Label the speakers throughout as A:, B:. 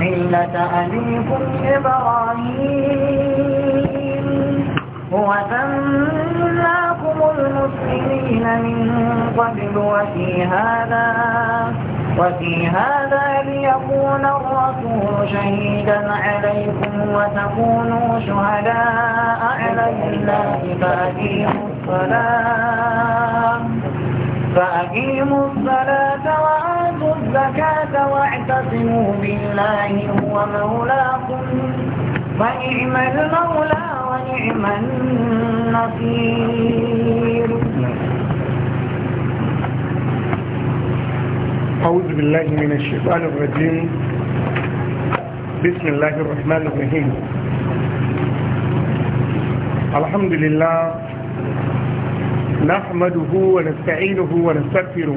A: ملة أبيكم إبراهيم هو سماكم المسلمين من قبل وفي هذا وفي هذا ليكون الرسول شهيدا عليكم وتكونوا شهداء على الله فأقيموا الصلاة فأقيموا الصلاة وأقيموا الزكاة واعتصموا بالله هو مولاكم فنعم المولى ونعم النصير
B: أعوذ بالله من الشيطان الرجيم بسم الله الرحمن الرحيم الحمد لله نحمده ونستعينه ونستغفره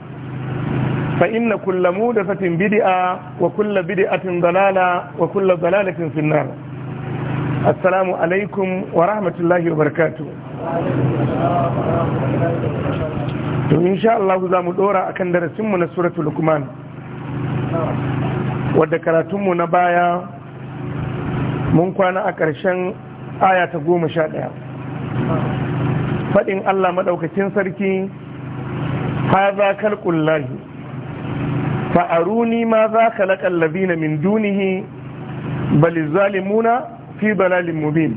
B: fa inna da mudasatin bid'a wa kulla bid'atin dalala wa kulla dalalatin finnar assalamu alaikum wa rahmatullahi wa barakatuh to insha Allah za mu dora akan darasin mu na suratu Lukman. wadda karatunmu na baya mun kwana a ƙarshen aya ta goma sha ɗaya faɗin Allah maɗaukacin sarki haza kalƙullahi fa'aruni ma za ka laƙar labina min dunihi bali zalimuna fi balalin mubin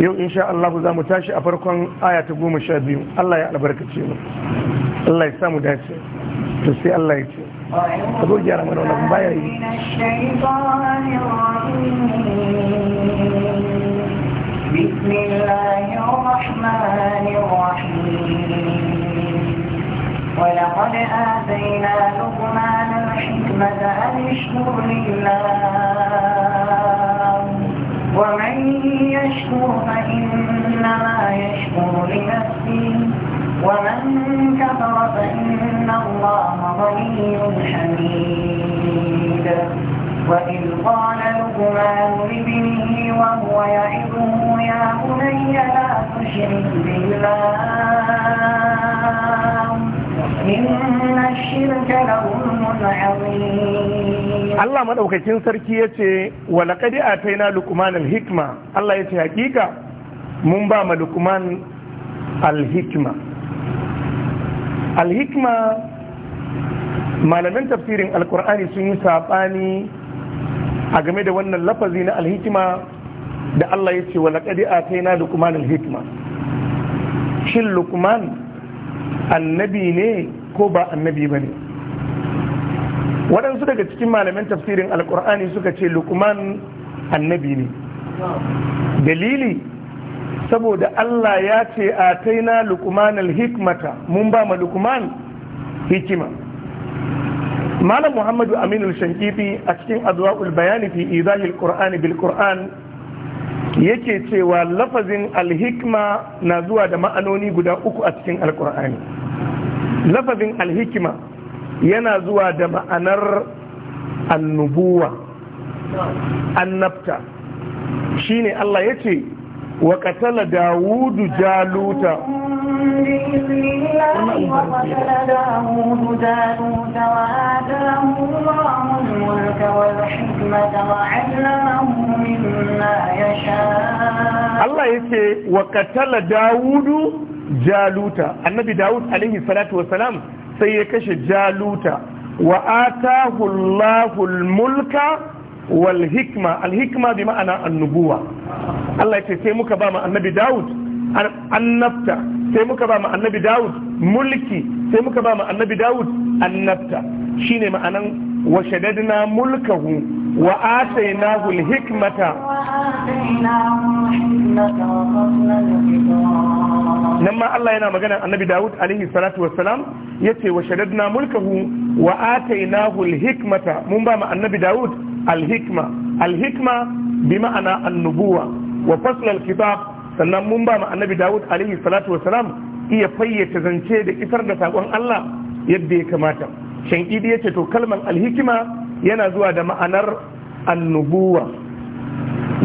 B: yau insha Allah za mu tashi a farkon aya ta goma sha biyu Allah ya albarkace mu Allah ya samu dace to sai Allah ya ce ka zo gyara mana wannan baya yi
A: بسم الله الرحمن الرحيم ولقد آتينا لقمان الحكمة أن اشكر لله ومن يشكر فإنما يشكر لنفسه ومن كفر فإن الله غني حميد وإذ قال لقمان لابنه وهو يعظه يا بني لا تشرك بالله Allah
B: maɗaukakin sarki ya ce wa laƙadi a na lukuman alhikma Allah ya ce hakika mun ba ma lukuman alhikma alhikma malamin tafsirin Alƙur'ani sun yi saɓani a game da wannan lafazi na alhikma da Allah ya ce wa laƙadi a na lukuman alhikma shin lukuman annabi ne ko ba annabi ba ne waɗansu daga cikin malamin tafsirin alkur'ani suka ce lukman annabi ne dalili saboda allah ya ce a taina lukman alhikmata mun ba ma lukman hikima malam muhammadu aminu shankifi a cikin adwa'ul bayani fi izahil qur'ani bil qur'an yake cewa lafazin alhikma na zuwa da ma'anoni guda uku a cikin alkur'ani lafazin alhikma yana zuwa da ma'anar annubuwa annabta shine Allah ya ce wa katala dawudu jaluta
A: بإذن
B: Allah ya ce wa katala Dawudu Jaluta annabi Dawud alaihi salatu wa salam sai ya kashe Jaluta wa atahu Allahu mulka wal hikma al hikma bi ma'ana annubuwa Allah ya ce sai muka ba mu annabi Dawud annabta sai muka ba mu annabi Dawud mulki sai muka ba mu annabi Dawud annabta shine ma'anan wa shaddadna mulkahu wa asai nan ma Allah yana magana annabi Dawud alaihi salatu wassalam wa shaddadna mulkahu wa atai na mun ba annabi Dawud alhikma alhikma bi ma'ana annubuwa wa faslal alkitab sannan mun ba annabi Dawud alaihi salatu iya fayyata zance da isar da sakon Allah yadda ya kamata shan idi yace to kalmar alhikma yana zuwa da ma'anar annubuwa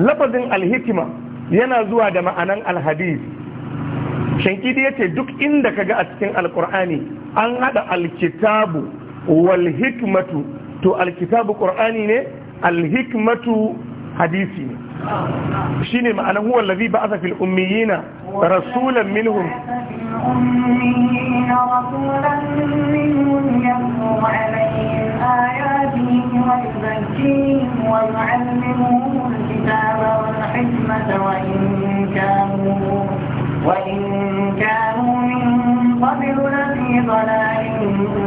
B: lafazin alhikima yana zuwa da ma'anan alhadis shankidi ya ce duk inda kaga a cikin alkur'ani an haɗa alkitabu wal to alkitabu ƙur'ani ne alhikmatu hadisi ne شيني ma'anar huwa allazi ba'atha fil ummiyina rasulan minhum
A: ويعلمهم الكتاب والحكمة وإن كانوا وإن كانوا من قبل لفي ضلال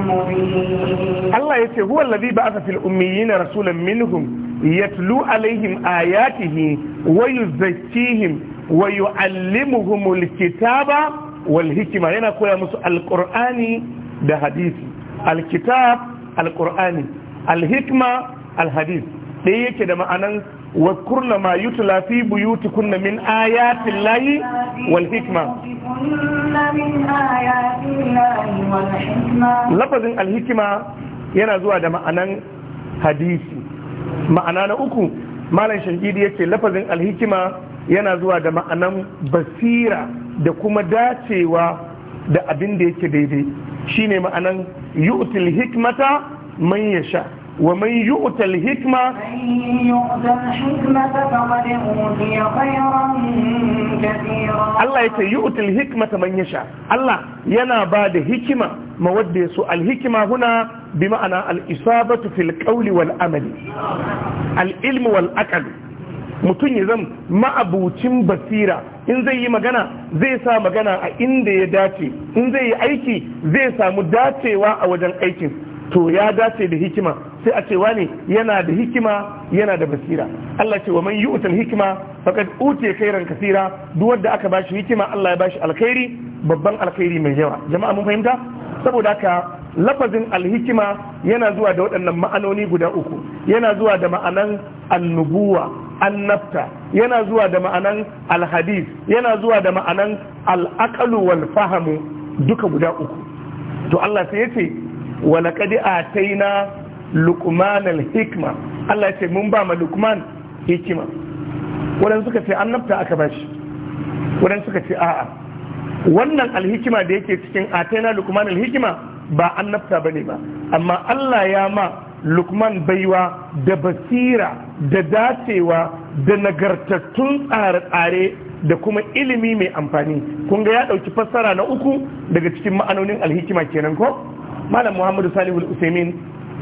A: مبين الله يسير
B: هو الذي بعث في الأميين رسولا منهم yatlu alaihim ayatihi wa yuzakkihim wa yu'allimuhumul kitaba wal yana koya musu alqur'ani da hadisi alkitab Alƙur'ani, alhikma alhadis dai yake da ma'anan wa kurna ma yutla fi buyutikunna min ayati llahi wal hikma lafazin alhikima yana zuwa da ma'anan hadisi ma'ana na uku malam shahidi yace lafazin alhikima yana zuwa da ma'anan basira da kuma dacewa da abin da yake daidai shine ma'anan yu'til hikmata man yasha ومن يؤت الحكمة الله يتي يؤت الحكمة من يشاء الله ينا بعد حكمة مودة الحكمة هنا بمعنى الإصابة في القول والعمل العلم والأكل mutum ya zama ma'abucin basira in zai yi magana zai sa magana a inda ya dace in zai yi aiki zai samu dacewa a wajen aikin to ya dace da hikima sai a ce wani yana da hikima yana da basira Allah ce wa man yu'tal hikima faqad utiya khairan kasira duk wanda aka bashi hikima Allah ya ba shi alkhairi babban alkhairi mai yawa jama'a mun fahimta saboda haka lafazin alhikima yana zuwa da waɗannan ma'anoni guda uku yana zuwa da ma'anan annubuwa annabta yana zuwa da ma'anan alhadis yana zuwa da ma'anan al'aqalu wal fahamu duka guda uku to Allah sai yace wa laqad ataina lukman al-hikma Allah ya ce mun ba ma lukman hikima wadan suka ce annabta aka bashi wadan suka ce a'a wannan alhikima da yake cikin atena lukman al-hikma ba annabta bane ba amma Allah ya ma lukman baiwa da basira da dacewa da nagartattun tsare-tsare da kuma ilimi mai amfani kun ga ya ɗauki fassara na uku daga cikin ma'anonin alhikima kenan ko malam muhammadu salihu al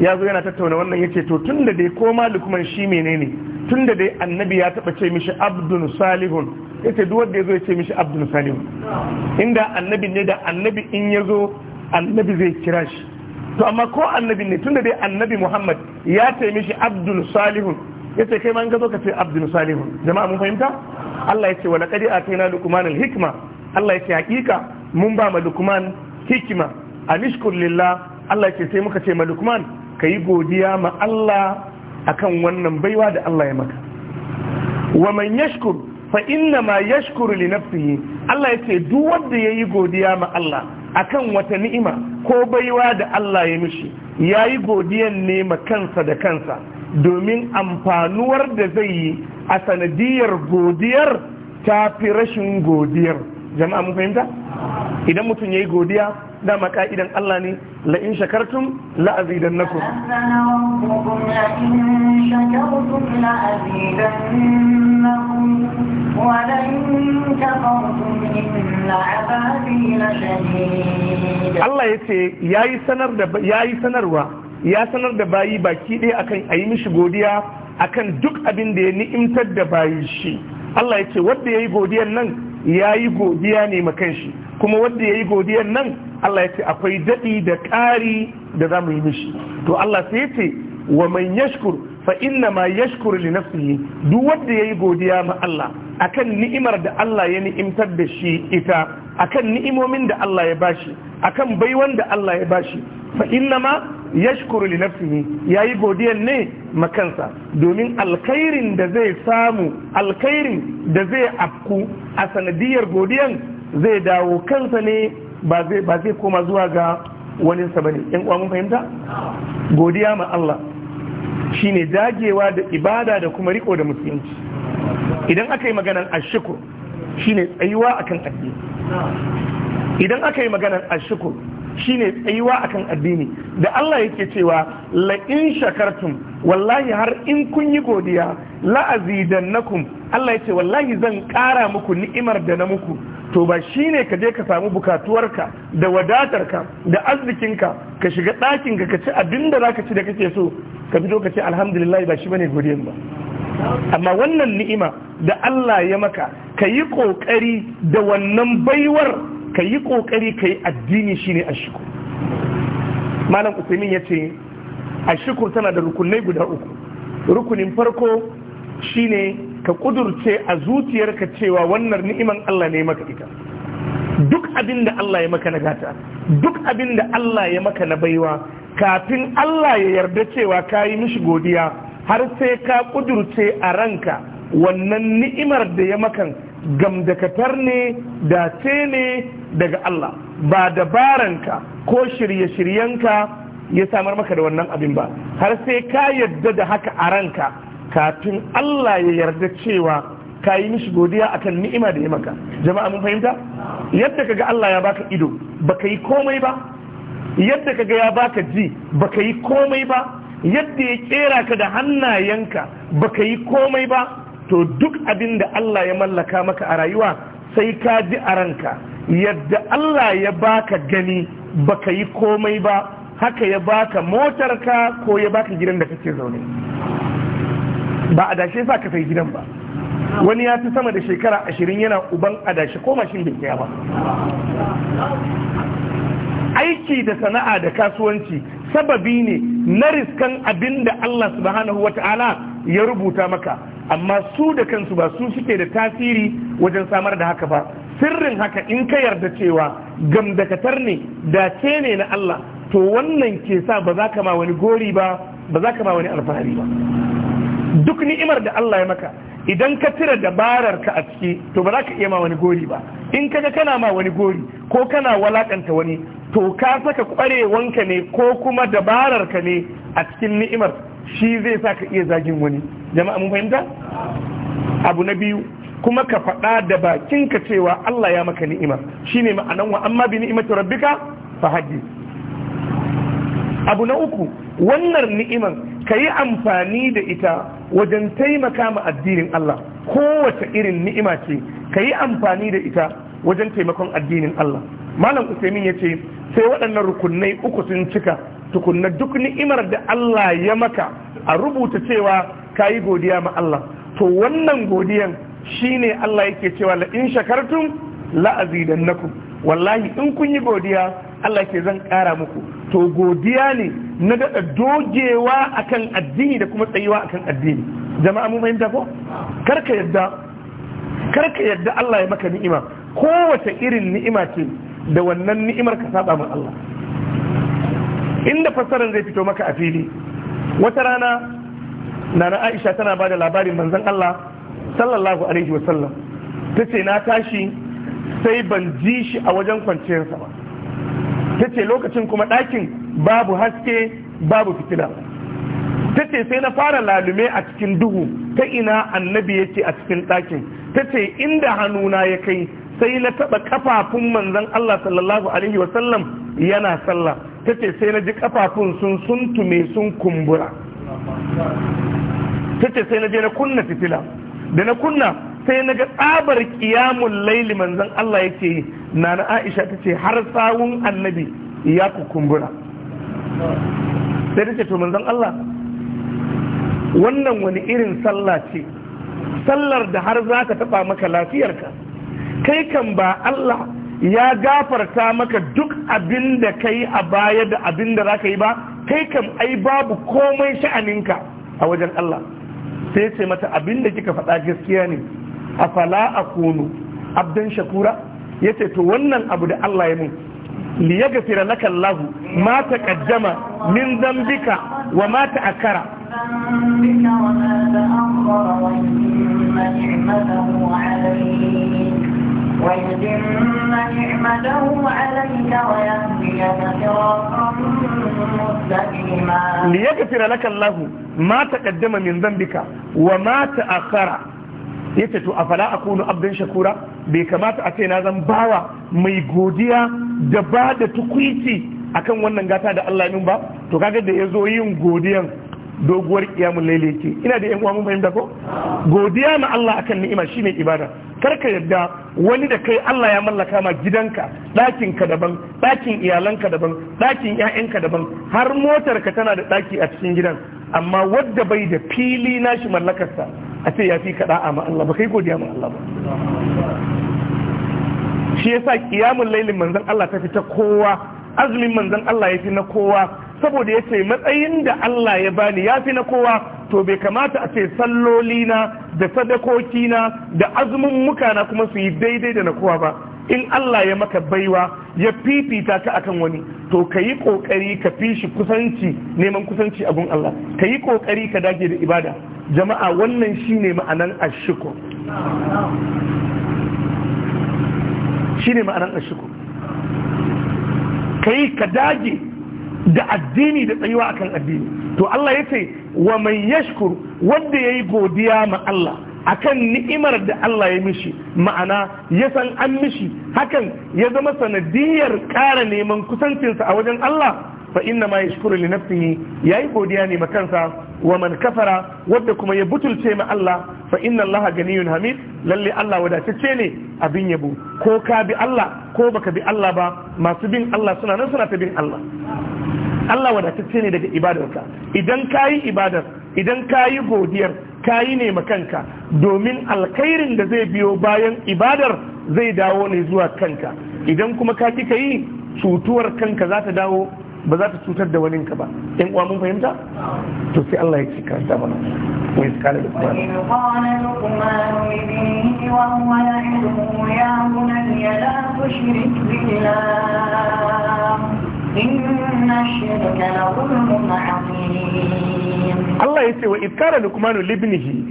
B: ya zo yana tattauna wannan yake to tun da dai koma lukman shi menene tun da dai annabi ya taba ce mishi abdun salihun ya ce duwar da ya ce mishi abdun salihun inda annabi ne da annabi in ya zo annabi zai kira shi to amma ko annabi ne tun da dai annabi Muhammad ya ce mishi abdun salihun ce kai ma in ka zo ka ce abdun salihun jama'a mun fahimta Allah ya ce wala qad atayna luqman al-hikma Allah ce hakika mun ba ma hikima anishkur lillah Allah ya ce sai muka ce ma lukuman. ka yi godiya ma Allah akan wannan baiwa da Allah ya maka wa man yashkur fa inna ma yashkuru li nafsihi Allah yace duk wanda yayi godiya ma Allah akan wata ni'ima ko baiwa da Allah ya mishi yayi godiyan ne ma kansa da kansa domin amfanuwar da zai yi a sanadiyar godiyar ta fi rashin godiyar jama'a mun fahimta idan mutum yayi godiya dama ka'idan Allah ne la in shakartum la azidannakum Allah ya ce yayi yi sanarwa ya sanar da bayi baki ɗaya akan ayi mishi godiya akan duk abin da ya ni'imtar da bayi shi Allah ya ce wadda ya yi godiyan nan ya yi godiya ne makanshi shi kuma ya yi godiyan nan Allah ya ce akwai daɗi da ƙari da za mu yi mishi to Allah sai ya ce wa mai yashkur fa inna ma yashkur li nafsihi duk wanda yayi godiya ma Allah akan ni'imar da Allah ya ni'imtar da shi ita akan ni'imomin da Allah ya bashi akan baiwan da Allah ya bashi fa inna ma yashkur li nafsihi yayi godiyan ne makansa domin alkhairin da zai samu alkhairin da zai afku a sanadiyar godiyan zai dawo kansa ne ba zai koma zuwa ga wani sa bane yan uwa mun fahimta godiya ma Allah shi ne dagewa da ibada da kuma riko da musulunci idan aka yi maganar ashukur shine tsayuwa akan addini idan aka yi maganar tsayuwa akan addini da Allah yake cewa la'in shakartun, wallahi har in kun yi godiya la'azi da azidannakum Allah ce wallahi zan ƙara muku ni'imar da na muku to ba shi ne ka je ka samu bukatuwarka da wadatarka da arzikinka ka shiga ɗakinka ka ci abin da za ka ci da kake so ka fito ka ce alhamdulillah ba shi bane godiyar ba amma wannan ni'ima da Allah ya maka ka yi kokari da wannan baiwar ka yi kokari ka yi addini shi ne ashiku malam usaimin ya ce Ashiku tana da rukunai guda uku rukunin farko shine ka kudurce a zuciyarka cewa wannan ni'iman Allah ne maka ita duk abin da Allah ya maka na gata duk abin da Allah ya maka na baiwa kafin Allah ya yarda cewa ka yi mishi godiya har sai ka kudurce a ranka wannan ni'imar da ya makan gamdakatar ne dace ne daga Allah ba dabaranka ko shirye-shiryenka ya samar maka da wannan abin ba har sai ka yadda da haka a ranka kafin Allah ya yarda cewa ka yi mishi godiya akan ni'ima da ya maka jama'a mun fahimta yadda kaga Allah ya baka ido baka yi komai ba yadda kaga ya baka ji baka yi komai ba yadda ya kera ka da hannayenka baka yi komai ba to duk abin da Allah ya mallaka maka a rayuwa sai ka ji a ranka yadda Allah ya baka gani baka yi komai ba haka ya baka motarka ko ya baka gidan da kake zaune ba dashe sa ka sai gidan ba wani ya fi sama da shekara ashirin yana uban adashi ko mashin da kaya ba aiki da sana'a da kasuwanci sababi ne na riskan abin da Allah subhanahu wa ta'ala ya rubuta maka amma su da kansu ba su suke da tasiri wajen samar da haka ba sirrin haka in ka yarda cewa gamdakatar ne dace ne na Allah to wannan ke sa ba za ka ma wani gori ba ba za ka ma wani alfahari ba duk ni'imar da Allah ya maka idan ka tira dabarar ka a ciki to ba za ka iya ma wani gori ba in ka ga kana ma wani gori ko kana walakanta wani to ka saka kwarewanka ne ko kuma dabarar ka ne a cikin ni'imar shi zai sa ka iya zagin wani jama'a mun fahimta abu na biyu kuma ka faɗa da bakinka cewa Allah ya maka ni'ima shine ma'anan wa amma bi ni'imati rabbika fa abu na uku wannan ni'imar ka yi amfani da ita wajen taimaka ma addinin Allah kowace irin ni'ima ce ka yi amfani da ita wajen taimakon addinin Allah malam usaimin ya ce sai waɗannan rukunai uku sun cika tukunna duk ni'imar da Allah ya maka a rubuta cewa ka yi godiya ma Allah to wannan godiyan shine Allah yake cewa la in shakartum la azidannakum wallahi in kun yi godiya Allah ke zan ƙara muku to godiya ne na daɗa dogewa akan addini da kuma tsayuwa akan addini jama'a mu fahimta ko karka yadda yadda Allah ya maka ni'ima kowace irin ni'ima ce da wannan ni'imar ka saba min Allah inda fassarar zai fito maka a fili wata rana nana Aisha tana bada da labarin manzon Allah sallallahu alaihi wasallam ta ce na tashi sai ban ji shi a wajen kwanciyarsa ba ta ce lokacin kuma ɗakin babu haske babu fitila ta ce sai na fara lalume a cikin duhu ta ina annabi yake a cikin ɗakin ta ce inda hannuna ya kai sai na taɓa kafafun manzan Allah sallallahu alaihi wasallam yana sallah ta ce sai na ji kafafun sun suntume sun kumbura ta ce sai na je na kunna fitila da na kunna sai na ga tsabar kiyamun laili manzon Allah yake nana Aisha ta ce har sawun annabi ya kukumbura sai ta ce to manzon Allah wannan wani irin sallah ce sallar da har za ka taɓa maka lafiyarka kai kan ba Allah ya gafarta maka duk abin da ka yi a baya da abin da za ka yi ba kai kan ai babu komai sha'aninka a wajen Allah sai ce mata abin da kika faɗa gaskiya ne A fala a kunu abdan shakura ya ce to wannan abu da Allah ya mun li yaghfira laka Allah ma taqaddama min dhanbika wa ma akara.
A: ويتم نعمته عليك ويهديك صراطا مستقيما
B: ليغفر لك الله ما تقدم من ذنبك وما تأخر ce to a fala a kunu abdan shakura bai kamata a ce na zan bawa mai godiya da ba da a akan wannan gata da Allah min ba to kaga da ya zo yin godiyan doguwar kiyamun laili ina da yan uwa mun fahimta ko godiya ma Allah akan ni'ima shine ibada kar ka yadda wani da kai Allah ya mallaka ma gidanka ɗakinka daban ɗakin iyalanka daban ɗakin ƴaƴanka daban har motarka tana da ɗaki a cikin gidan amma wadda bai da fili nashi mallakarsa a ce ya fi kaɗa a Allah ba kai godiya ma ba shi yasa kiyamun lailin manzon Allah ta fi ta kowa azumin manzon Allah ya fi na kowa saboda ya ce matsayin da Allah ya bani ya fi na kowa to bai kamata a ce sallolina da sadakokina da azumin mukana kuma su yi daidai da na kowa ba in Allah ya maka baiwa ya fifita ka akan wani to ka yi ƙoƙari ka fi shi kusanci neman kusanci a Allah ka yi ƙoƙari ka dage da ibada jama'a wannan shi ne ma'anan ashiko shi ne ma'anan ashiko ka yi ka dage da addini da tsayuwa akan addini to Allah ya ce wa mai yashkur wanda ya yi godiya ma Allah akan ni'imar da Allah ya mishi ma'ana ya san an mishi hakan ya zama sanadiyar ƙara neman kusancinsa a wajen Allah fa inna ma yashkuru li nafsihi yayi godiya ne makansa wa man kafara wanda kuma ya butulce ma Allah fa inna Allah ganiyun hamid lalle Allah wadatacce ne abin yabo ko ka bi Allah ko baka bi Allah ba masu bin Allah suna nan suna ta bin Allah Allah wadatacce ne daga ibadarka idan kayi ibadar idan kayi godiyar Ka yi ne makanka domin alkhairin da zai biyo bayan ibadar zai dawo ne zuwa kanka idan kuma ka kika yi cutuwar kanka za ta dawo ba za ta cutar da waninka ba
A: in uwa mun fahimta
B: to sai Allah ya ci karanta mana wa iskala da
A: kuma ya
B: Allah ya ce wa iskara lukumanu libnihi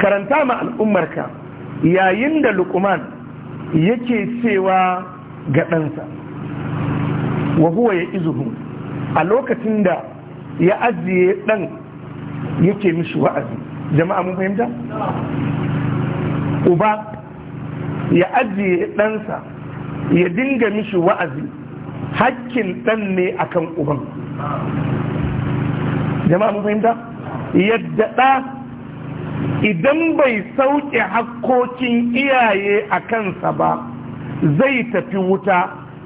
B: karanta ma al'ummarka yayin da lukuman yake cewa ga ɗansa wa huwa ya izuhu a lokacin da ya ajiye ɗan yake mishi wa'azi jama'a mun fahimta? uba ya ajiye ɗansa ya dinga mishi wa'azi hakkin ɗan ne akan uban jama'a mun fahimta yadda ɗa idan bai sauke hakkokin iyaye a kansa ba zai tafi wuta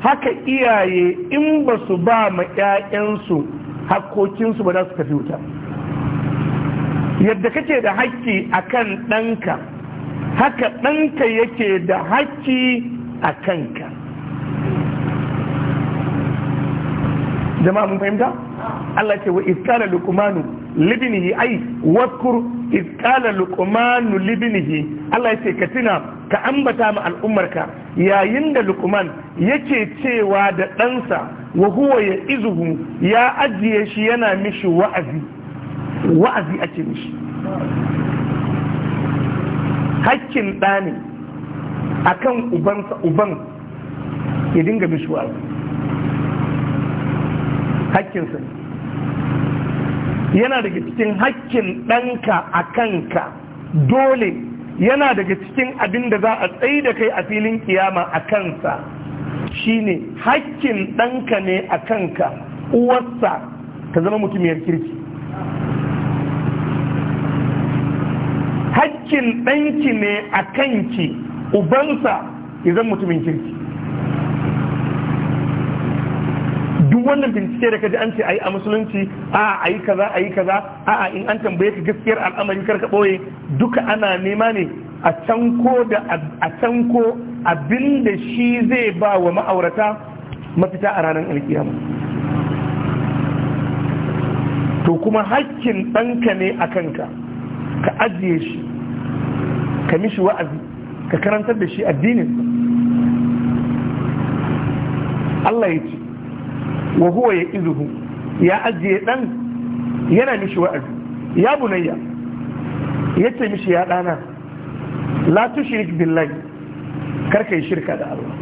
B: haka iyaye in ba su ba ma 'ya'yansu hakkokinsu ba za su tafi wuta yadda kake da hakki a kan ɗanka haka ɗanka yake da hakki a kanka jama'a mun fahimta Allah ce wa iskala luqmanu libnihi ai waskur iskala luqmanu libnihi Allah ce ka tuna ka ambata ma al'ummarka yayin da luqman yake cewa da ɗansa wa huwa ya izuhu ya ajiye shi yana mishi wa'azi wa'azi ake mishi hakkin ɗani akan ubansa uban ya dinga mishi wa'azi hakkinsu yana daga cikin hakkin ɗanka a kanka dole yana daga cikin abin da za a tsaye da kai a filin kiyama a kansa shine hakkin ɗanka ne a kanka uwarsa ta zama mutumiyar kirki hakkin ɗanki ne a kanki ubansa ya zama mutumin kirki duk wannan bincike da ka kaji an ce yi a musulunci a yi kaza a yi kaza a in an tambaye ka gaskiyar al'amari karka boye duka ana nema ne a canko da a canko abinda shi zai ba wa ma'aurata mafita a ranar alkiyama to kuma hakkin ɗanka ne a kanka ka ajiye shi ka mishi wa'azi ka karantar da shi addinin Allah ya ce wa huwa ya izuhu ya ajiye dan yana mishi wa'azi ya bunayya yace mishi ya dana la tushrik billahi karka yi shirka da Allah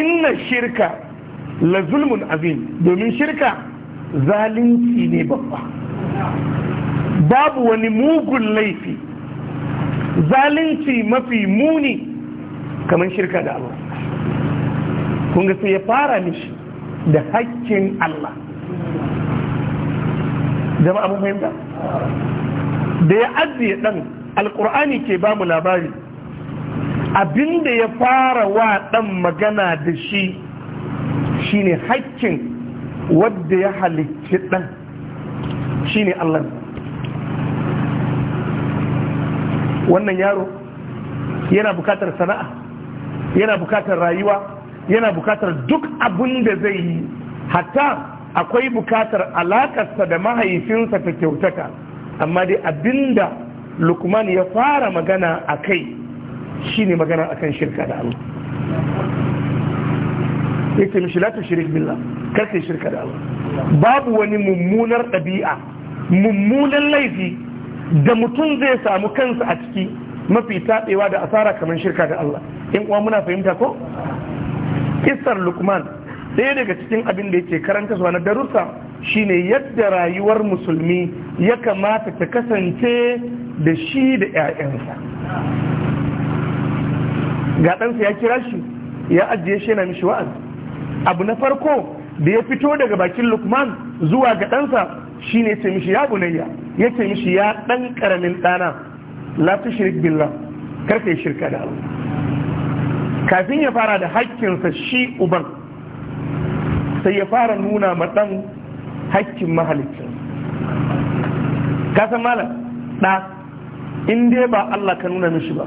B: inna shirka la zulmun azim domin shirka zalunci ne babba babu wani mugun laifi zalunci mafi muni kamar shirka da Allah kun sai ya fara mishi da hakkin Allah jama'a mun fahimta da ya ajiye ɗan alkur'ani ke ba mu labari abinda ya fara wa ɗan magana da shi shi ne hakkin wadda ya halicci dan ne Allah wannan yaro yana bukatar sana'a yana bukatar rayuwa yana bukatar duk abin da zai yi hatta akwai bukatar alakarsa da mahaifinsa ta kyautaka amma dai abinda lukman ya fara magana a kai shine magana akan shirka da Allah yake mishi la tushrik billah kar kai shirka da Allah babu wani mummunar ɗabi'a mummunan laifi da mutum zai samu kansa a ciki mafi taɓewa da asara kamar shirka da Allah in uwa muna fahimta ko kissar lukman ɗaya daga cikin abin da yake karanta na darussa shine yadda rayuwar musulmi ya kamata ta kasance da shi da 'ya'yansa ga ɗansa ya kira shi ya ajiye shi yana mishi wa'azi abu na farko da ya fito daga bakin lukman zuwa ga ɗansa shine ne ce mishi ya bunayya ya ce mishi ya ɗan ƙaramin ɗana la tushrik billah ka yi shirka da Allah kafin ya fara da hakkinsa shi uban sai ya fara nuna ma ɗan hakkin mahalicin kasan malam ɗa in dai ba Allah ka nuna mishi ba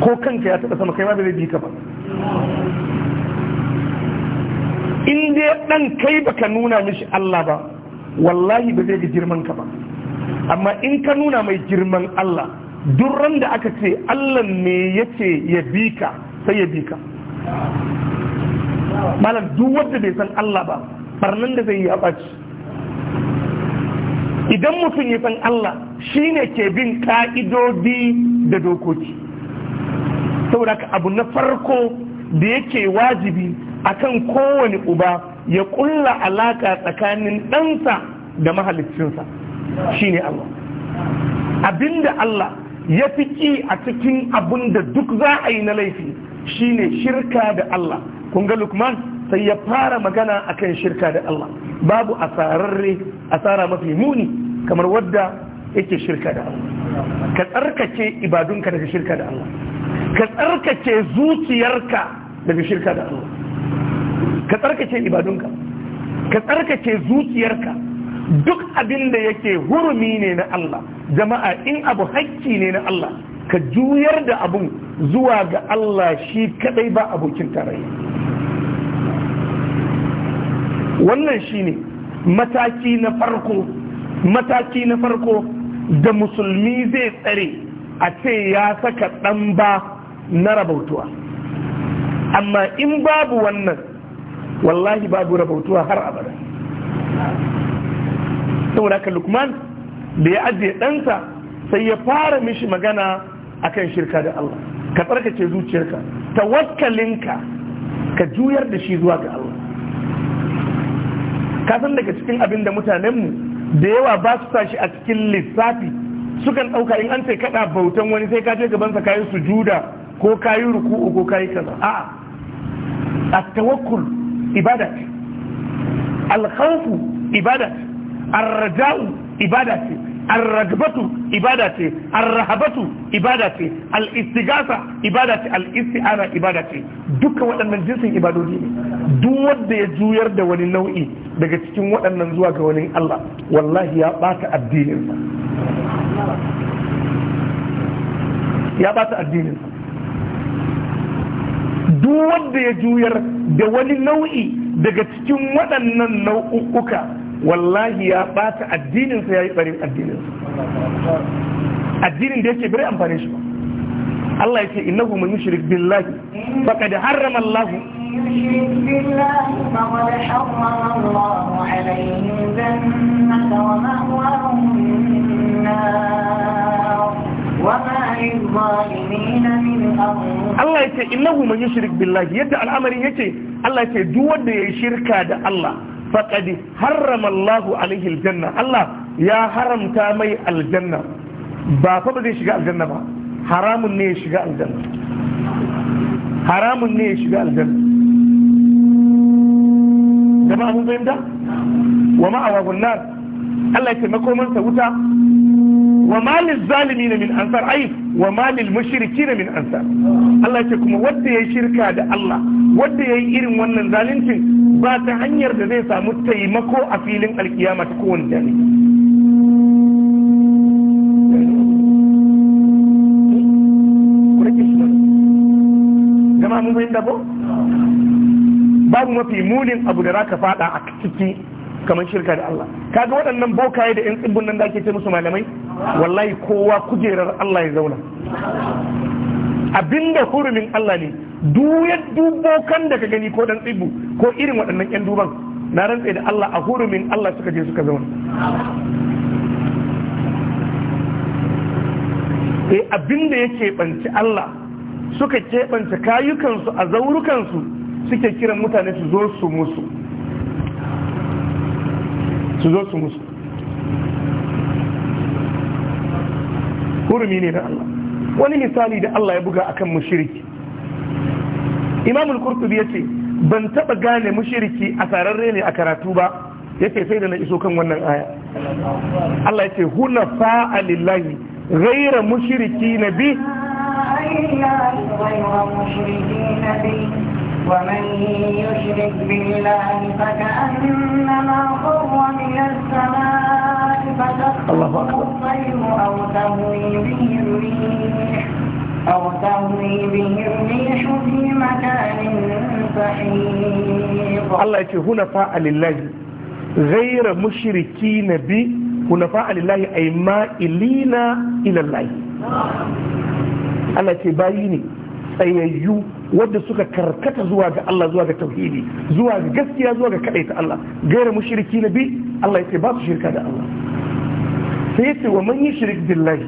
B: ko kanka ya taɓa sama kai ma bai bi ka ba in dai ɗan kai baka nuna mishi Allah ba wallahi ba zai ga girman ka ba amma in ka nuna mai girman Allah duk ran da aka ce Allah ne ya ce ya bi ka sai ya bi ka malam duk wanda bai san Allah ba barnan da zai yi a ɓaci idan mutum ya san Allah shi ne ke bin ka'idodi da dokoki saboda ka abu na farko da yake wajibi akan kowane uba ya kulla alaka tsakanin ɗansa da mahalicinsa shine Allah abinda Allah ya fi ki a cikin abin da duk za a yi na laifi shine shirka da Allah kun ga Lukman sai ya fara magana akan shirka da Allah babu asararre asara mafi muni kamar wadda yake shirka da Allah ka tsarkake ibadunka daga shirka da Allah ka tsarkake zuciyarka daga shirka da Allah ka tsarkake ibadunka ka tsarkake zuciyarka duk abin da yake hurumi ne na Allah jama'a in abu hakki ne na Allah ka juyar da abun zuwa ga Allah shi kadai ba abokin tarayya wannan shine mataki na farko mataki na farko da musulmi zai tsare a ce ya saka ɗan ba na rabautuwa amma in babu wannan wallahi babu rabautuwa har abada saboda haka lukman da ya ajiye ɗansa sai ya fara mishi magana akan shirka da Allah ka tsarkake zuciyarka tawakkalinka ka juyar da shi zuwa ga Allah ka san daga cikin abin da mutanenmu da yawa ba su sa shi a cikin lissafi sukan ɗauka in an sai kaɗa bautan wani sai ka je gabansa ka yi sujuda ko ka ruku'u ko ka kaza a'a a tawakkul ibada ce al-khawfu ibada ce ar-raja'u ibada ce الرغبه عبادتي الرهبه عبادتي الاستغاثه عبادتي الاستعانه عبادتي دوك ودانن جنسين عبادودي دو ود يجوير ده ولي نوعي daga cikin wadannan zuwa ga wani Allah wallahi ya bata addinin duk wanda ya juyar da wani nau'i daga cikin waɗannan nau'ukuka wallahi ya bata addininsa ya yi barin addininsa addinin da yake bari amfani shi ba Allah ya ce innahu man yushrik billahi faqad harrama Allah Allah ya ce innahu man yushrik billahi yadda al'amari yake Allah ya ce duk wanda ya yi shirka da Allah faqad harrama Allahu alaihi aljanna Allah ya haramta mai aljanna ba fa ba zai shiga aljanna ba haramun ne ya shiga aljanna haramun ne ya shiga aljanna jama'a mun fahimta wa ma'awa gunnar Allah ya taimako mansa wuta wa malil zalimi min ansar ai wa malil mushriki min ansar Allah ce kuma wanda ya shirka da Allah wanda ya yi irin wannan zalincin ba ta hanyar da zai samu taimako a filin alkiyama ta kowane jami'i jama'a mun fahimta ko babu mafi munin abu da zaka fada a ciki kamar shirka da Allah kaga waɗannan bokaye da yan tsibbin nan da ake ce musu malamai wallahi kowa kujerar Allah ya zauna abinda hurumin Allah ne duyar dubokan da ka gani ko ɗan tsibbu ko irin waɗannan ƴan duban na rantse da Allah a hurumin Allah suka je suka zauna E abinda ya banci Allah suka keɓance kayukansu a zaurukansu suke kiran mutane su zo su musu su zo su musu hurumi ne na Allah wani misali da Allah ya buga akan mushriki imamul kurtubi ya ce ban taɓa gane mushiriki a sararre ne a karatu ba ya ce sai da na iso kan wannan aya Allah ya ce huna fa'a lillahi ghaira mushiriki na bi
A: ومن يشرك بالله فكأنما خر من السماء فتخطفه الطير أو تهوي به الريح أو تهوي به الريح في مكان سحيق
B: الله يقول هنا فعل الله غير مشركين به هنا فعل الله أي مائلين إلى الله الله يقول بايني tsayayyu wadda suka karkata zuwa ga Allah zuwa ga tauhidi zuwa ga gaskiya zuwa ga kadaita Allah gaira mushriki na bi Allah ya ce ba su shirka da Allah sai yace wa man yushrik billahi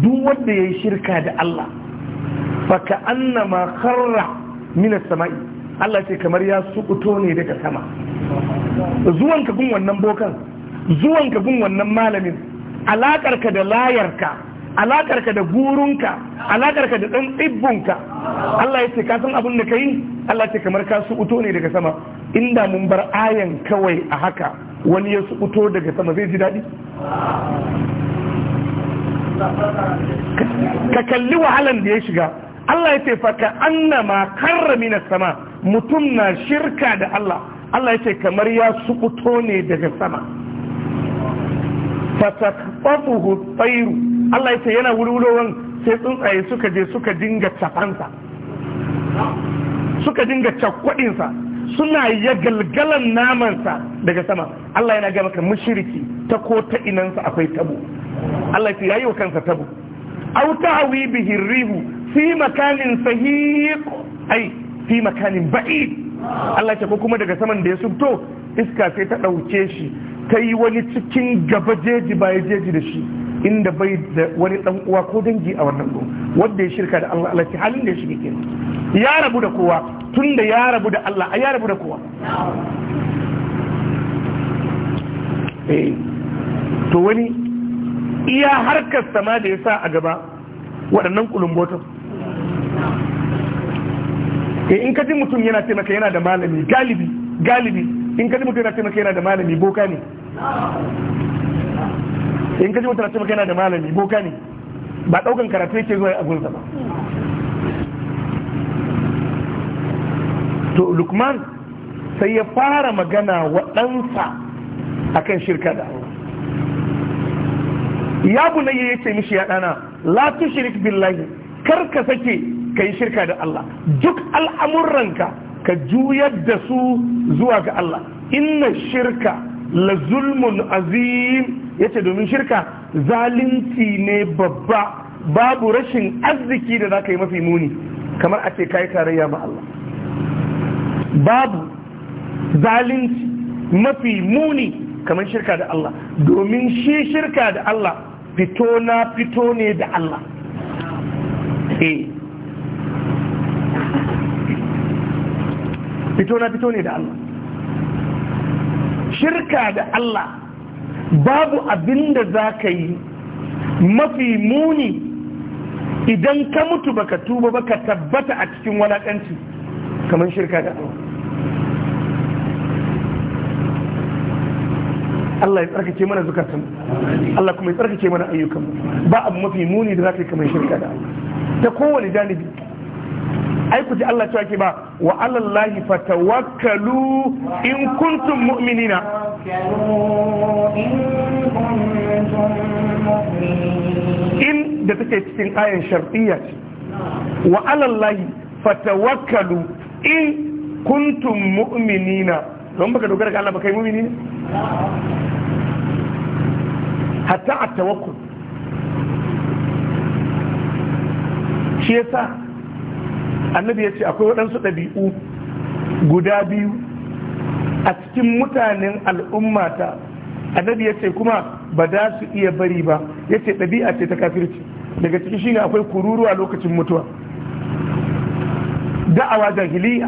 B: duk wanda yayi shirka da Allah fa ka annama kharra min as-sama'i Allah ce kamar ya sukuto ne daga sama zuwan ka gun wannan bokan zuwan ka gun wannan malamin alakar ka da layarka alakarka da gurunka alakarka da dan tsibbunka Allah ya ce ka san abin da kai Allah ya ce kamar ka su uto ne daga sama inda mun bar ayan kawai a haka wani ya su uto daga sama zai ji daɗi ka kalli wahalan da ya shiga Allah ya ce fa ka annama karra minas sama mutum na shirka da Allah Allah ya ce kamar ya su uto ne daga sama fatakwafuhu tsairu Allah ya ce yana wurwurowan sai tsuntsaye suka je suka dinga cafansa suka dinga cakwadinsa suna ya galgalan namansa daga sama Allah yana ga maka mushriki ta ko ta inansa akwai tabo Allah ya yi wa kansa tabo aw ta'wi bihi rihu fi makanin sahiq ai fi makanin ba'id Allah ya ko kuma daga saman da ya subto iska sai ta dauke shi ta yi wani cikin gaba jeji baya jeji da shi inda bai da wani dan uwa ko dangi a wannan gun wanda ya shirka da Allah alaki halin da ya shige kenan ya rabu da kowa tunda ya rabu da Allah ya rabu da kowa eh to wani iya harkar sama da ya sa a gaba waɗannan kulumbotan eh in ka ji mutum yana taimaka yana da malami galibi galibi in ka ji mutum yana taimaka yana da malami boka ne in ka ji wata rasu yana da malami boka ne ba daukan karatu yake zuwa a gunsa ba to lukman sai ya fara magana waɗansa ɗansa akan shirka da ya bunayya ya ce mishi ya ɗana la shirik billahi kar ka sake ka yi shirka da Allah duk al'amuranka ka juyar da su zuwa ga Allah inna shirka la zulmun azim yace domin shirka zalunci ne babba babu rashin arziki da zaka yi mafi muni kamar a ce kai tarayya ma Allah babu zalunci mafi muni kamar shirka da Allah domin shi shirka da Allah fito na fito ne da Allah eh. fito na fito ne da Allah shirka da Allah babu abin da za ka yi mafi muni idan ka mutu baka tuba baka tabbata a cikin walakanci kamar shirka da Allah ya tsarkake mana zukatan Allah kuma ya tsarkake mana ayyukan ba abu mafi muni da za ka yi kamar shirka da ta kowane janibi ai ku ji Allah cewa ke ba wa alallahi fatawakkalu
A: in kuntum mu'minina in
B: da take cikin ayan shar'iyya ce wa alallahi fatawakkalu in kuntum mu'minina don baka dogara ga Allah baka yi mu'mini ne hatta a tawakkul shi yasa annabi ya ce akwai waɗansu ɗabi'u guda biyu a cikin mutanen al'ummata annabi ya ce kuma ba za su iya bari ba ya ce ɗabi'a ce ta kafirci daga ciki shine akwai kururuwa lokacin mutuwa da'awa jahiliya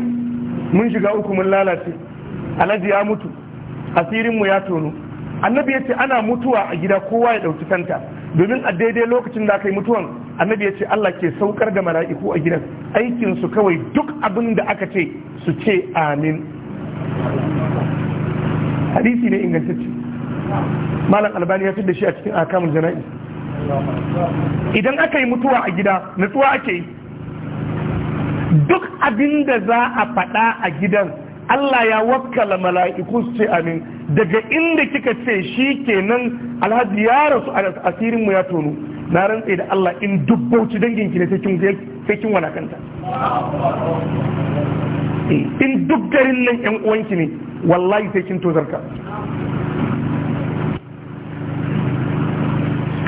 B: mun shiga uku mun lalace alhaji ya mutu asirinmu ya tono annabi ya ce ana mutuwa a gida kowa ya ɗauki kanta domin a daidai lokacin da aka yi mutuwan annabi ya ce Allah ke saukar da mala'iku a gidan aikinsu kawai duk abin da aka ce su ce amin hadisi ne ingantacce malam albani ya da shi a cikin akamul jana'i idan aka yi mutuwa a gida nutsuwa ake yi duk abin da za a faɗa a gidan Allah ya wakala mala'iku su ce amin daga inda kika ce shi kenan alhaji ya rasu a asirin mu ya tono na rantse da Allah in dubbauci dangin ne sai kin walakanta in duk garin nan yan uwanki ne wallahi sai kin tozarka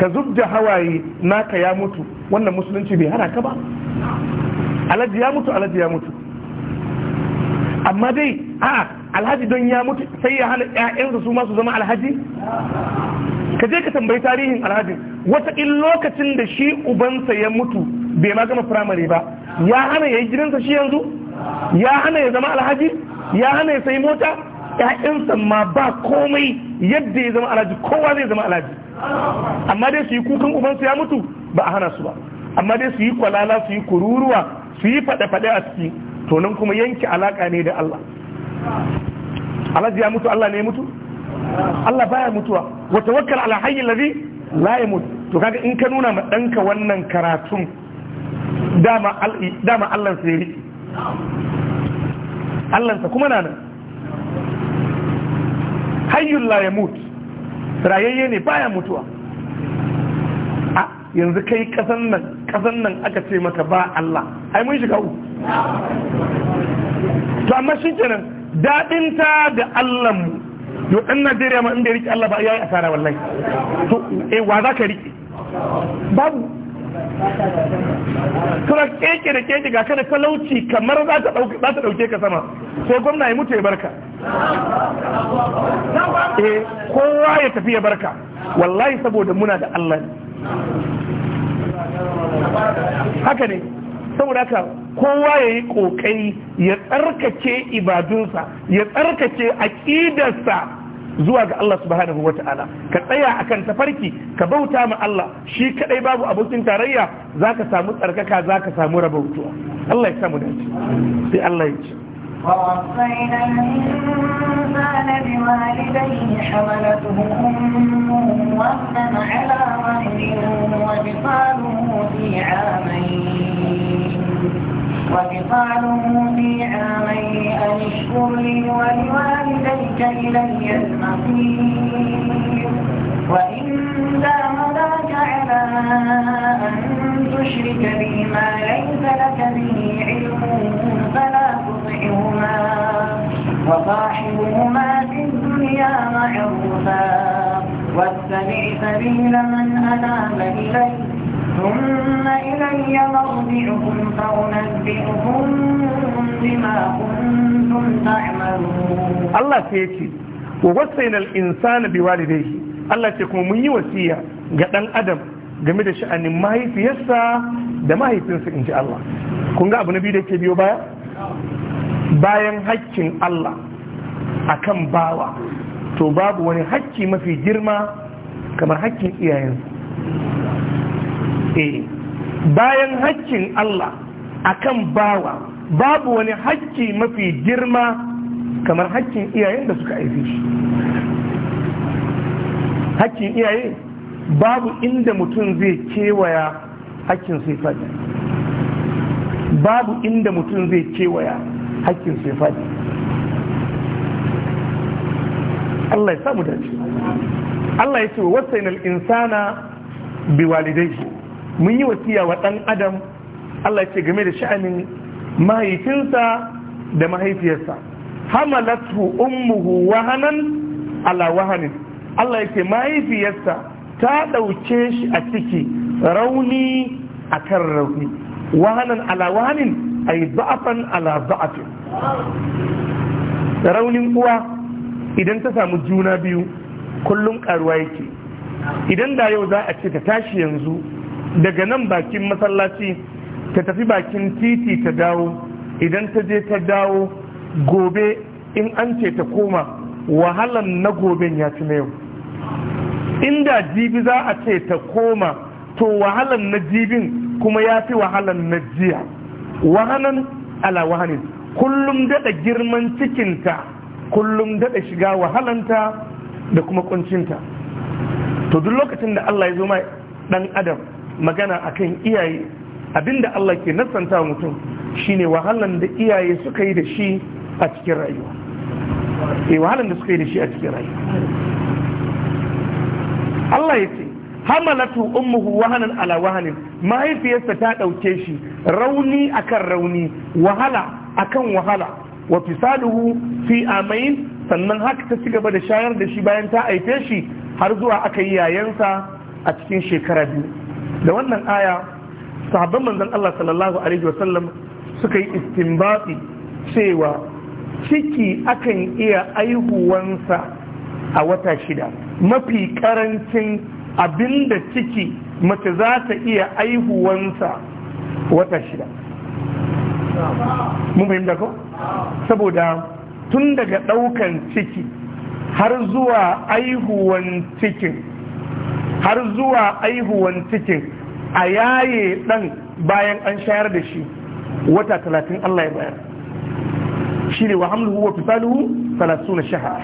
B: ka zub da hawaye naka ya mutu wannan musulunci bai hana ka ba alhaji ya mutu alhaji ya mutu amma dai a alhaji don ya mutu sai ya hana ƴaƴansa su masu zama alhaji ka je ka tambayi tarihin alhaji in lokacin da shi ubansa ya mutu bai ma gama firamare ba ya hana ya yi gidansa shi yanzu ya hana ya zama alhaji ya hana ya sai mota ƴaƴansa ma ba komai yadda ya zama alhaji kowa zai zama alhaji amma dai su yi kukan ubansu ya mutu ba a hana su ba amma dai su yi kwalala su yi kururuwa su yi faɗe-faɗe a ciki to nan kuma yanke alaka ne da Allah alhaji ya mutu Allah ne ya mutu Allah baya mutuwa wa tawakkal ala hayyil ladhi la yamut to kaga in ka nuna ma danka wannan karatun dama dama Allah sai allansa kuma na nan hayyun la ya mutu rayayye ne baya mutuwa a yanzu kai kasan nan kasan nan aka ce maka ba Allah ai mun shiga uku to amma shi kenan daɗinta da Allahnmu yau ɗan Najeriya ma inda ya riƙe Allah ba ya yi asara wallahi to eh wa za ka riƙe babu kuma keke da keke ga kada talauci kamar za ta ɗauke ka sama sai gwamna ya mutu ya barka
C: eh kowa
B: ya tafi ya barka wallahi saboda muna da Allah haka ne saboda haka kowa ya yi ƙoƙari ya tsarkake ibadunsa ya tsarkake aƙidarsa zuwa ga Allah subhanahu Ta'ala, ka tsaya a kan tafarki ka bauta ma Allah shi kadai babu abokin tarayya za ka samu tsarkaka za ka samu rabautuwa Allah ya samu dace sai Allah ya ce
A: ووصينا الإنسان بوالديه حملته أمه وهنا على وهن وبصاله في عامين وفصاله في عامين أن اشكر لي ولوالديك إلي المصير وإن داهداك على أن تشرك بي ما ليس لك به علم فلا تطعهما وصاحبهما في الدنيا معروفا واتبع سبيل من أناب إلي ثم إلى إلي مرجعكم فأنبئكم بما كنتم تعملون
B: الله shi? ووصينا الإنسان بوالديه الله yi من ga ɗan أدم game da sha'anin mahaifiyarsa da mahaifinsa in ji Allah kun ga abu na biyu da ke biyo baya bayan hakkin Allah a kan bawa to babu wani hakki mafi girma kamar hakkin iyayensa eh bayan haƙƙin Allah a kan bawa babu wani haƙƙi mafi girma kamar haƙƙin iyayen da suka haife shi haƙƙin iyaye babu inda mutum zai kewaya haƙƙin sai fadi. babu inda mutum zai kewaya haƙƙin sai faɗi Allah ya samu dace Allah ya ce wasainal insana shi mun yi wasiya wa ɗan adam Allah ce game da sha'anin mahaifinsa da mahaifiyarsa hamalatu ummuhu wahanan ala wahanin Allah ce mahaifiyarsa ta ɗauke shi a ciki rauni a kan rauni wahanan ala wahanin yi za'afan ala za'afin raunin uwa idan ta samu juna biyu kullum karuwa yake idan da yau za a ce ta tashi yanzu daga nan bakin masallaci ta tafi bakin titi ta dawo idan ta je ta dawo gobe in an ce ta koma wahalan na goben ya ci na yau inda jibi za a ce ta koma to wahalan na jibin kuma ya fi wahalan na jiya wahanan ala wahanin kullum daɗa girman cikinta kullum daɗa shiga wahalanta da kuma kuncinta to duk lokacin da Allah ya zo mai ɗan adam magana akan iyaye abinda Allah ke nasanta mutum shine wahalan da iyaye suka yi da shi a cikin rayuwa eh wahalan da suka yi da shi a cikin rayuwa Allah ya ce hamalatu ummuhu wahanan ala wahanin mahaifiyarsa ta dauke shi rauni akan rauni wahala akan wahala wa fisaluhu fi amain sannan haka ta ci gaba da shayar da shi bayan ta haife shi har zuwa aka yi yayansa a cikin shekara biyu da wannan aya sahabban manzon Allah sallallahu alaihi sallam) suka yi istinbati cewa ciki akan iya aihuwansa a wata shida mafi karancin abinda ciki mace za ta iya aihuwansa wata shida mun fahimta ko saboda tun daga ɗaukan ciki har zuwa aihuwan cikin har zuwa aihuwan cikin a yaye ɗan bayan an shayar da shi wata talatin Allah ya bayar shi ne wa hamlu wa fisaluhu salasu na shahar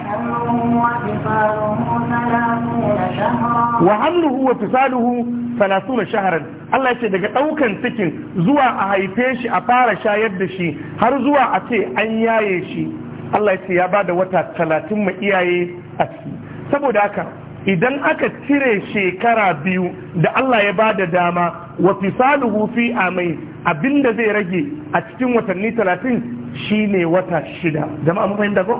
B: wa hamlu wa fisaluhu salasu na shaharar Allah ce daga ɗaukan cikin zuwa a haife shi a fara shayar da shi har zuwa a ce an yaye shi Allah ya ce ya ba da wata talatin ma iyaye a ciki saboda haka idan aka cire shekara biyu da Allah ya ba da dama wa fisaluhu fi amai abinda zai rage a cikin watanni talatin shine wata shida jama'a mun fahimta ko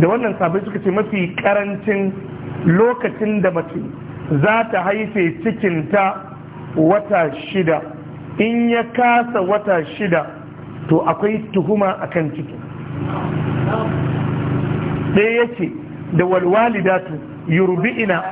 B: da wannan sabai suka ce mafi karancin lokacin da mace za ta haife ta wata shida in ya kasa wata shida to akwai tuhuma akan ciki ɗaya yake da walwali datu yurubi ina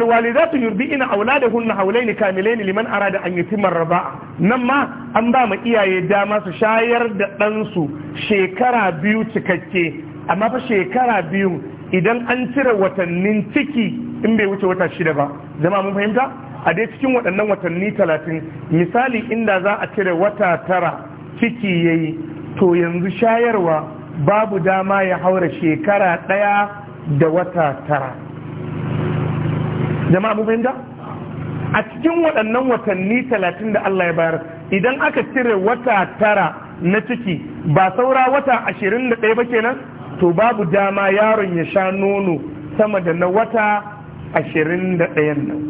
B: walwali datu yurubi ina aulada hunna haulaini ne liman arada an yitimar raba. nan ma an ba mu iyaye dama su shayar da ɗansu shekara biyu cikakke amma fa shekara biyu idan an cire watannin ciki in bai wuce wata shida ba zama mun fahimta a dai cikin waɗannan watanni talatin misali inda za a cire wata tara ciki ya yi to yanzu shayarwa babu dama ya haura shekara ɗaya da wata tara jama'a mu fahimta a cikin waɗannan watanni talatin da Allah ya bayar idan aka cire wata tara na ciki ba saura wata ashirin da ɗaya ba kenan to babu dama yaron ya sha nono sama da na wata ashirin da ɗayan nan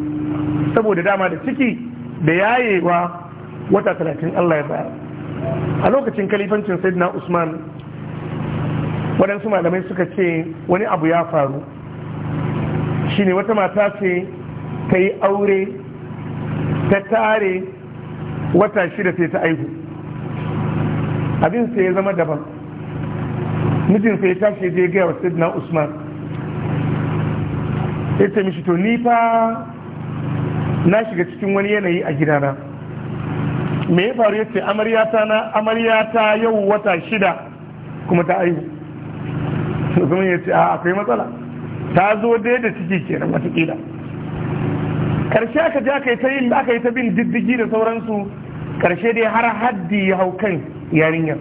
B: saboda dama da ciki da yayewa wata talatin Allah ya baya. a lokacin kalifancin sayyidina Usman waɗansu malamai suka ce wani abu ya faru shine wata mata ce ta yi aure ta tare wata shida sai ta aihu abin sai ya zama daban mijin sai ya tashi je gaya wa Sayyidina usman Sai ce mishi to ni fa na shiga cikin wani yanayi a gidana me ya faru yadda amarya amaryata na ta yau wata shida kuma ta aihu sun ya ce a akwai matsala ta zo dai da ciki kenan watakila karshe aka aka yi ta yi ta bin diddigi da sauransu karshe dai har haddi ya hau kan yarinyar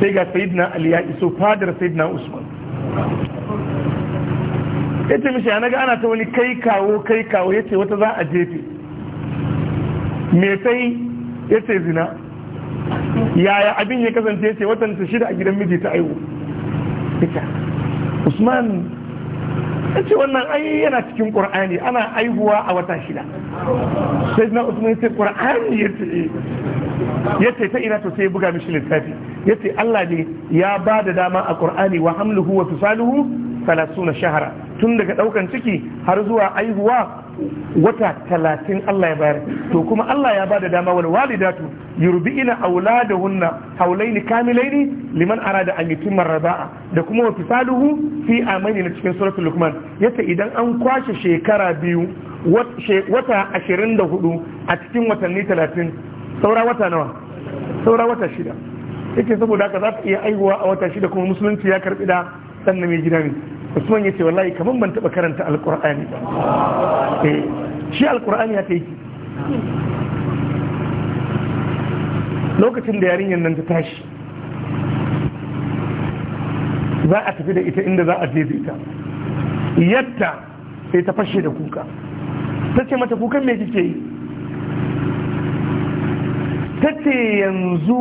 B: sai ga sayidina ali ya iso fadar sayidina usman ya ce mishi ya naga ana ta wani kai kawo kai kawo ya ce wata za a jefe me sai ya ce zina yaya abin ya kasance ya ce watan ta shida a gidan miji ta aiwu ita usman ya ce wannan ai yana cikin ƙur'ani ana aihuwa a wata shida sai zina usman ya ce ƙur'ani ya ce eh. ya ce ta ina to sai buga mishi littafi ya ce allah ne ya ba da dama a ƙur'ani wa hamluhu wa fisaluhu salasuna shahara tun daga ɗaukan ciki har zuwa aihuwa wata talatin Allah ya bayar to kuma Allah ya bada dama wal walidatu yurbi'ina auladahunna haulaini kamilaini liman arada an yutimma raba'a da kuma wa fisaluhu fi amani na cikin suratul lukman yace idan an kwashe shekara biyu wata 24 a cikin watanni 30 saura wata nawa saura wata shida yake saboda haka za ta iya aihuwa a wata shida kuma musulunci ya karbi da sannan mai gida ne usman ya ce wallahi kamar ban taba karanta alƙur'ani ba eh, shi alkur'ani ya ta lokacin da yarinyar nan ta tashi za a tafi da ita inda za a je da ita yadda sai ta fashe da kuka ta ce mata kukan me kike yi ta ce yanzu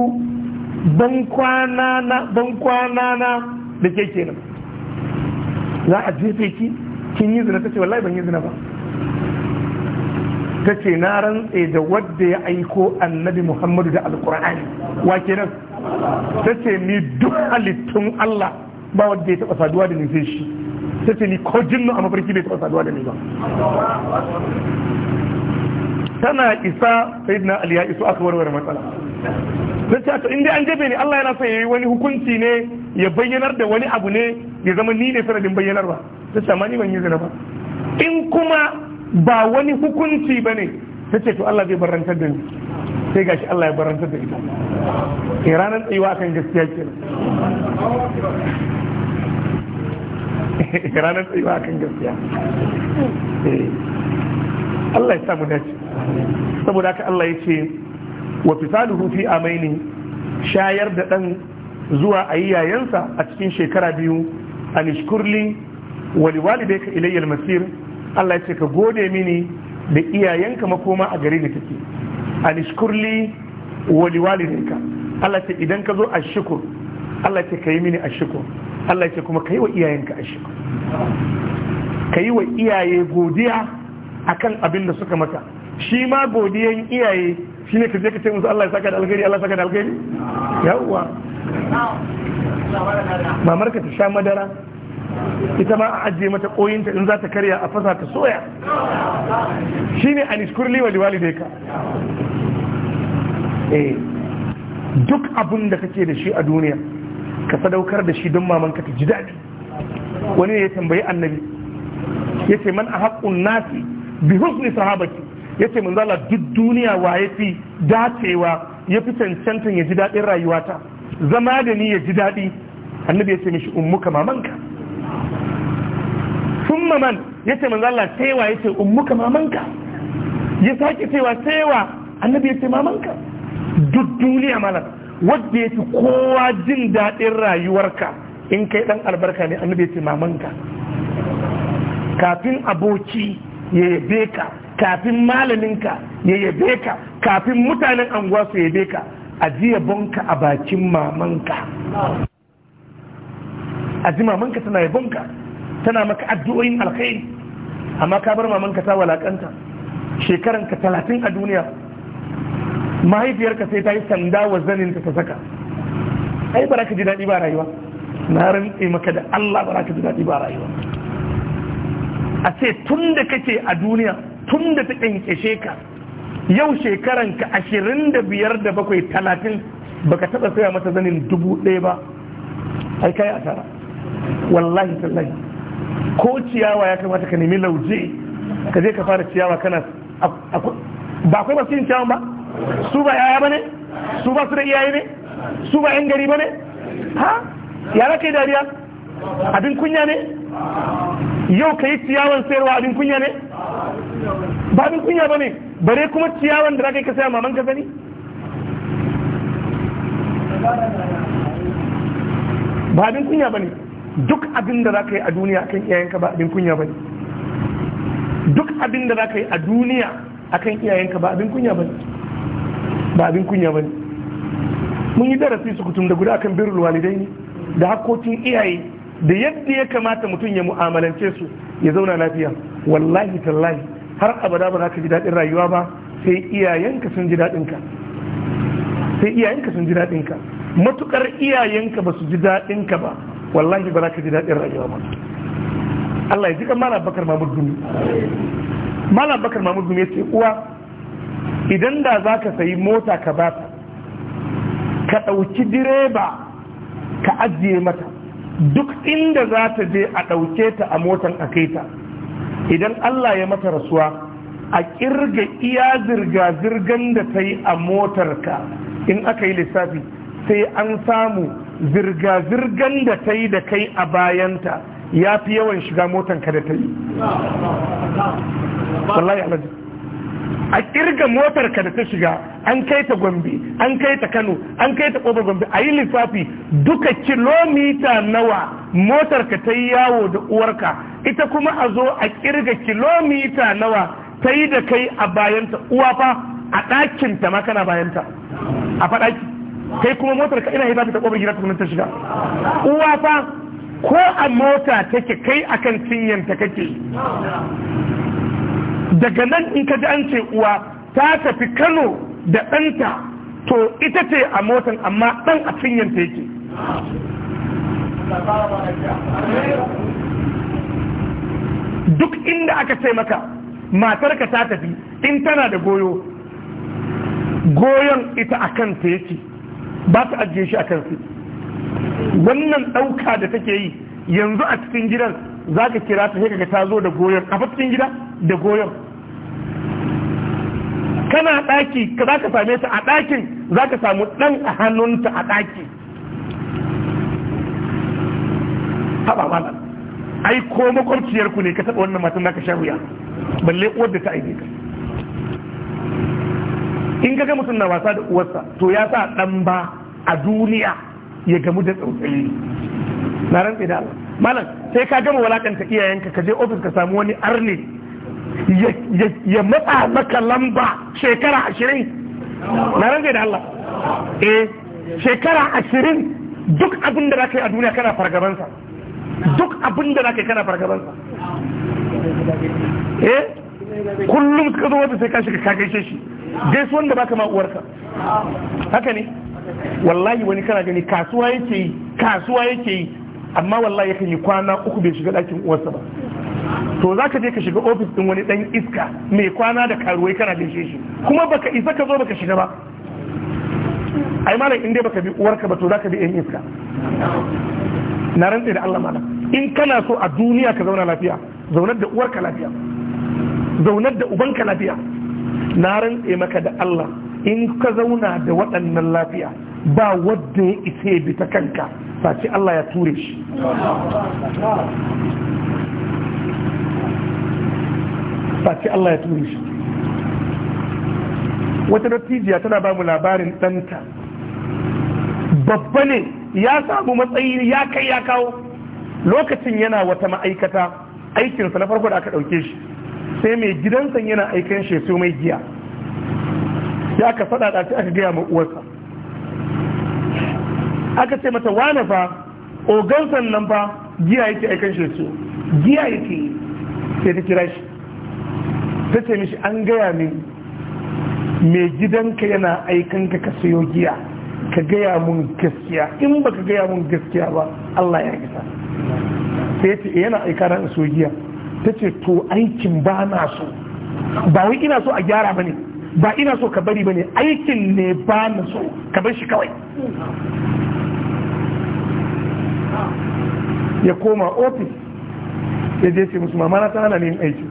B: ban kwana na da ke kenan za a jefe ki kin yi zina tace wallahi ban yi zina ba tace na rantse da wadda ya aiko annabi Muhammadu da alkur'ani wa kenan tace ni duk halittun Allah ba wadda ya taba saduwa da ni sai shi tace ni ko jinnu a mafarki bai taba saduwa da ni ba tana isa sayyidina ali ya iso aka warware matsala don ta to inda an jabe ne Allah yana son yayi wani hukunci ne ya bayyanar da wani abu ne ya zama ni ne sanadin bayyanarwa ta ce amma ni ban yi zina ba in kuma ba wani hukunci ba ne ta ce to Allah zai barantar da ni sai gashi Allah ya barantar da ita ke ranar tsayuwa kan gaskiya kenan ranar tsayuwa kan gaskiya eh. Allah ya samu dace saboda haka Allah ya ce wa fisaluhu fi amaini shayar da dan zuwa ayi yayansa a cikin shekara biyu anishkurli wa liwalidayka ilayya al-masir Allah ya ce ka gode mini da iyayenka makoma a gare ni take anishkurli wa liwalidayka Allah ce idan ka zo a shukur Allah ce ka yi mini a shukur Allah ce kuma ka yi wa iyayenka a shukur ka yi wa iyaye godiya akan abin da suka maka shi ma godiyan iyaye shi ne ka je ka ce musu Allah ya saka da alkhairi Allah ya saka da alkhairi
A: yawwa mamar
B: ka ta sha madara ita ma a ajiye mata koyinta in za ta karya a fasa ta soya shi ne an iskurli wa liwali da eh, duk abun da kake da shi a duniya ka sadaukar da shi don mamanka ta ji daɗi wani ne ya tambayi annabi ya ce man a haƙƙun nasi bi husni sahabati ya ce manzala duk duniya wa ya fi dacewa ya fi cancantan ya ji daɗin rayuwata zama da ni ya ji daɗi annabi ya ce mishi ummuka mamanka sun maman ya ce manzala saiwa ya ce ummuka mamanka ya sake cewa saiwa annabi ya ce mamanka duk duniya malam wadda ya fi kowa jin daɗin rayuwarka in kai ɗan albarka ne annabi ya ce mamanka kafin aboki ya yabe ka kafin malaminka ya yabe ka kafin mutanen anguwa su yabe ka ji bonka a bakin mamanka ji mamanka tana yabonka tana maka addu'o'in alkhairi amma ka bar mamanka ta walakanta ka talatin a duniya mahaifiyarka sai ta yi sanda wa zanin ta saka ai ba ka ji daɗi ba rayuwa na rantse maka da Allah ba ka ji daɗi ba rayuwa a ce tun da kake a duniya tun da ta ƙyanƙyashe ka yau shekaran ka ashirin da biyar da bakwai talatin baka taɓa saya mata zanin dubu ɗaya ba ai kai asara wallahi tallahi ko ciyawa ya kamata ka nemi lauje ka je ka fara ciyawa kana ba akwai masu yin ciyawa ba su ba yaya ba ne su ba su da iyaye ne su ba 'yan gari ba ne ha yara kai dariya abin kunya ne yau ka yi ciyawan sayarwa abin kunya ne ba abin kunya ba ne bare kuma ciyawan da zaka yi ka saya maman ka sani ba abin kunya ba ne duk abin da za yi a duniya kan iyayenka ba abin kunya ba ne duk abin da zaka yi a duniya akan iyayenka ba abin kunya ba ne ba abin kunya ba ne mun yi darasi su kutum da guda akan birrul walidai da hakkokin iyaye da yadda ya kamata mutum ya mu'amalance su ya zauna lafiya wallahi tallahi har abada ba za ka ji daɗin rayuwa ba sai iyayenka sun ji daɗinka sai iyayenka sun ji daɗinka matukar iyayenka ba su ji daɗinka ba wallahi ba za ka ji daɗin rayuwa ba Allah ya ji kan Malam Bakar Mahmud Gumi Malam Bakar Mahmud Gumi ya ce uwa idan da za ka sayi mota ka ba ta ka ɗauki direba ka ajiye mata duk inda za ta je a ɗauke ta a motan a kai ta idan Allah ya mata rasuwa a kirga iya zirga-zirgan da ta yi a motarka in aka yi lissafi sai an samu zirga-zirgan da ta yi da kai a bayanta ya fi yawan shiga motanka da ta yi a kirga motarka da ta shiga an kai ta gombe an kai ta kano an kai ta ƙofar gombe a yi lissafi duka kilomita nawa motar ka ta yi yawo da uwarka ita kuma a zo a kirga kilomita nawa ta yi da kai a bayanta uwa fa a ɗakin ta ma kana bayanta a faɗaki kai kuma motar ka ina yi ta ƙofar gida ta shiga uwa fa ko a mota take kai akan cinyanta kake daga nan in ka ji an ce uwa ta tafi kano da ɗanta to ita ce a motan amma ɗan a cinyanta yake duk inda aka ce maka matarka ta tafi in tana da goyo goyon ita a kanta yake ba ta ajiye shi a kansu wannan ɗauka da take yi yanzu a cikin gidan za ka kira ta sai ta zo da goyon a cikin gida da goyon kana ɗaki za ka same ta a ɗakin za ka samu ɗan a hannunta a ɗaki haba malam ai ko makwabciyar ku ne ka taɓa wannan matan naka shahuya balle uwar da ta aike ka in ga mutum na wasa da uwarsa to ya sa ɗan ba a duniya ya gamu da tsautsayi na rantsi da Allah malam sai ka gama walakanta iyayenka ka je ofis ka samu wani arne ya matsa maka lamba shekara ashirin na rantsi da Allah eh shekara ashirin duk abin da za ka yi a duniya kana fargabansa duk abin da zaka kana fargaban
C: sa
B: eh kullum ka zo wata sai ka shiga ka gaishe shi su wanda baka ma ka haka ne wallahi wani kana gani kasuwa yake yi kasuwa yake yi amma wallahi yakan yi kwana uku bai shiga ɗakin uwarsa ba to za ka je ka shiga ofis ɗin wani dan iska mai kwana da karuwai kana gaishe shi kuma baka isa ka zo baka shiga ba ai malam in dai baka bi uwarka ba to za ka bi ɗan iska na rantse da Allah mana in kana so a duniya ka zauna lafiya zaunar da uwarka lafiya zaunar da ubanka lafiya na rantse maka da Allah in ka zauna da waɗannan lafiya ba wadda ya isa ya bi ta kanka face Allah ya ture shi face Allah ya ture shi wata dattijiya tana ba mu labarin ɗanta babba ne ya samu matsayi ya kai ya kawo lokacin yana wata ma'aikata aikinsa na farko da aka ɗauke shi sai mai gidansa yana aikin shi mai giya ya ka faɗa ɗaci aka gaya ma uwarsa aka ce mata wane fa san nan fa giya yake aikin shi giya yake sai ta kira shi ta ce mishi an gaya min mai gidanka yana aikin ka ka sayo giya ka gaya mun gaskiya in ba ka gaya mun gaskiya ba Allah ya isa sai ce yana aika na so giya ta ce to aikin ba na so ba wai ina so a gyara ba ne ba ina so ka bari ba ne aikin ne ba na so ka bar shi kawai ya koma ofis ya je ce musu mamana ta hana ne aiki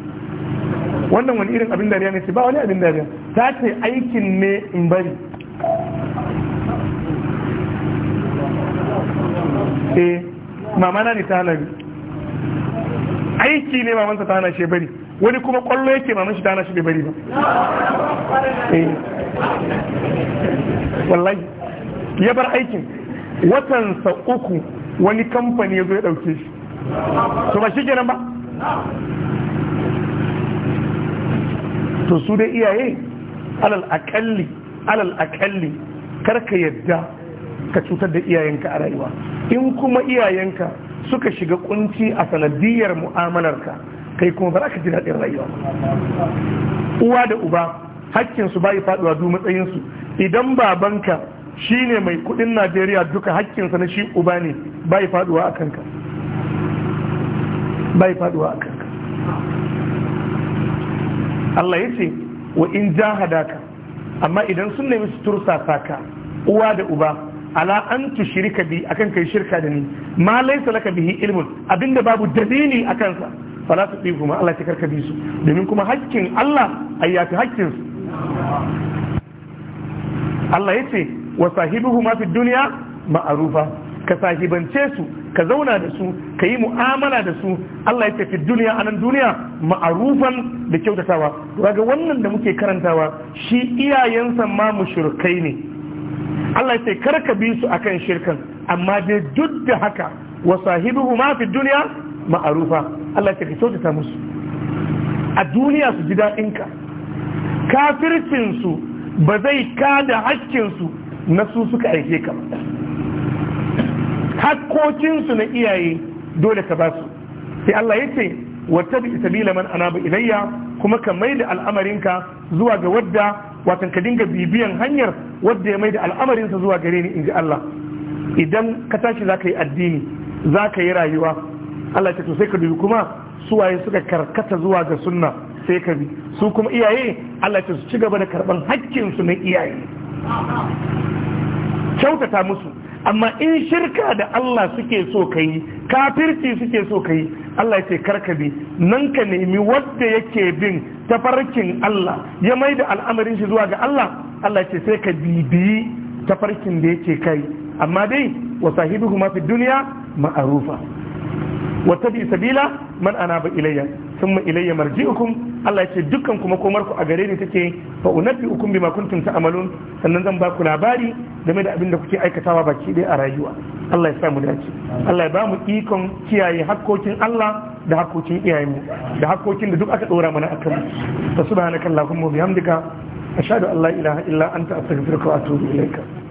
B: wannan wani irin abin dariya ne ce ba wani abin dariya ta ce aikin ne in bari eh mama ne ta aiki ne mamansa ta hana shi bari wani kuma kwallo yake maman shi ta hana shi bari ba eh, wallahi ya bar aikin watansa uku wani kamfani ya zo ya dauke shi to ba shi ba to su dai iyaye
C: alal akalli
B: alal akalli karka yadda ka cutar da iyayenka a rayuwa in kuma iyayenka suka shiga kunci a sanadiyar mu'amalarka kai kuma ba za ka ji daɗin rayuwa uwa da uba hakkinsu bai faduwa duk matsayinsu idan babanka shine mai kudin najeriya duka hakkinsa na shi uba ne bai faduwa a kanka bai faduwa a kanka Allah ya ce wa in jahadaka amma idan sun nemi su tursa ka uwa da uba ala an tushrika bi akan kai shirka da ni ma laysa laka bihi ilmun abinda babu dalili akan sa fala kuma Allah ta karka bi su domin kuma haƙƙin Allah ayyati haƙƙin su Allah yace wa sahibuhuma fid dunya ma'rufa ka sahibance su ka zauna da su ka yi mu'amala da su Allah ya tafi duniya a nan duniya ma'arufan da kyautatawa ga wannan da muke karantawa shi iyayensa ma mushrikai ne Allah sai kar ka bi su akan shirkan amma dai duk da haka wa sahibihu ma fi duniya ma'arufa Allah sai ka kyautata musu a duniya su ji daɗin ka kafircin su ba zai kada hakkin su na su suka aike ka ba hakkokin su na iyaye dole ka ba su sai Allah yace wa tabi sabila man anaba ilayya kuma ka maida al'amarinka zuwa ga wadda watan ka dinga bibiyan hanyar wadda ya mai da al'amarinsa zuwa gare ni in ji Allah idan ka tashi za ka yi addini za ka yi rayuwa Allah ce to sai ka dubi kuma suwaye suka karkata zuwa ga sunna sai ka bi su kuma iyaye Allah ce su ci gaba da karban hakkin su na iyaye kyautata musu amma in shirka da Allah suke so ka yi kafirci suke so ka yi Allah ya ce karkabi nan ka nemi wadda yake bin tafarkin Allah ya mai da al'amarin shi zuwa ga Allah Allah ya ce sai ka bibiyi tafarkin da yake kai amma dai wa sahibihu ma fi duniya ma'arufa wa bi sabila man anaba ilayya summa ilayya marji'ukum Allah ya ce dukkan kuma komar ku a gare ni take fa unabbi'ukum bima ta amalu. sannan zan ba ku labari game da abin da kuke aikatawa baki ɗaya a rayuwa Allah ya sa mu dace Allah ya ba mu ikon kiyaye hakkokin Allah da hakkokin iyayenmu da hakkokin da duk aka dora mana akan mu subhanakallahumma bihamdika ashhadu an la ilaha illa anta astaghfiruka wa atubu ilaika